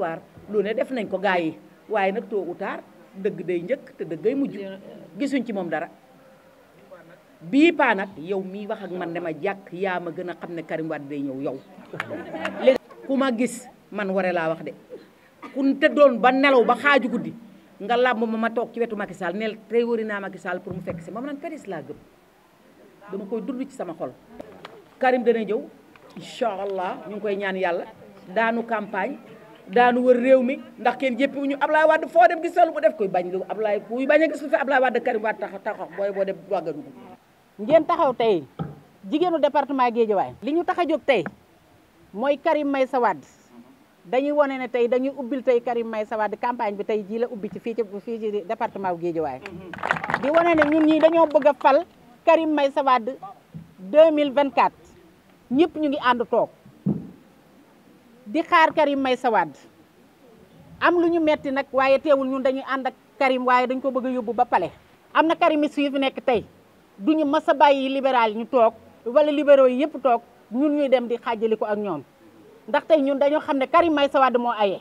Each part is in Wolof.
waar loolu ne def nañ ko gaa yi waaye nag tôt ou dëgg day njëkk te dëgg day mujj gisuñ ci moom dara bii paa nag yow mii wax ak man dama jàkk yaa ma gën a xam ne Karim Wade day ñëw yow léegi ku ma gis man ware laa wax de ku te doon ba nelaw ba xaaju guddi nga làmb ma ma toog ci wetu Macky Sall neel tey wëri naa Macky Sall pour mu fekk si moom naan Karim laa gëm dama koy dund ci sama xol Karim dana ñëw incha allah ñu ngi koy ñaan yàlla daanu campagne daanu wër réew mi ndax kenn jéppiwu ñu Ablaye Wade foo dem gis lu mu def koy bañ lu Ablaye kuy bañ a gis lu fi Ablaye Wade Karim Wade tax taxaw booy boo dem wàgganu ko ngeen taxaw tey jigéenu département Guédiawaye li ñu tax a jóg tey mooy Karim Meïssa Wade dañuy wane ne tey dañuy ubbil tey Karim Meïssa Wade campagne bi tey jii la ubbi ci fii ci fii ci département bu Guédiawaye di wane ne ñun ñii dañoo bëgg a fal ñëpp ñu ngi ànd toog di xaar Karim may sa Wade am lu ñu metti nag waaye teewul ñun dañuy ànd ak Karim waaye dañ ko bëgg a yóbbu ba pale am na karimis yu fi nekk tey du ñu mas a bàyyi libéral ñu toog wala libéraux yi yëpp toog ñun ñuy dem di xaajali ko ak ñoom ndax tey ñun dañoo xam ne Karim may sa Wade moo aye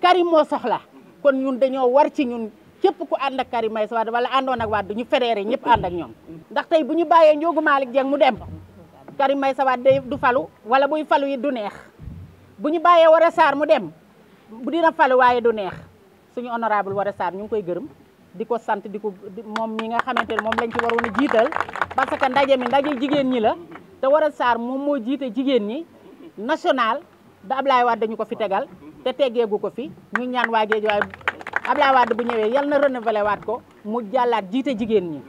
Karim moo soxla kon ñun dañoo war ci ñun képp ku ànd ak Karim may sa Wade wala àndoon ak Wade ñu fédéré ñëpp ànd ak ñoom ndax tey bu ñu bàyyee Ndiogou mu dem may Karim Meïssa Wade du falu wala buy falu yi du neex bu ñu bàyyee war a Sarr mu dem bu dina falu waaye du neex suñu honorable a Sarr ñu ngi koy gërëm di ko sant di ko moom mi nga xamante ne moom lañ ci waroon a jiital parce que ndaje mi ndaje jigéen ñi la te war a Sarr moom moo jiite jigéen ñi national da Ablaye Wade dañu ko fi tegal te teggeegu ko fi ñu ñaan waa Géejawaay Ablaye Wade bu ñëwee yal na renouveler waat ko mu jàllaat jiite jigéen ñi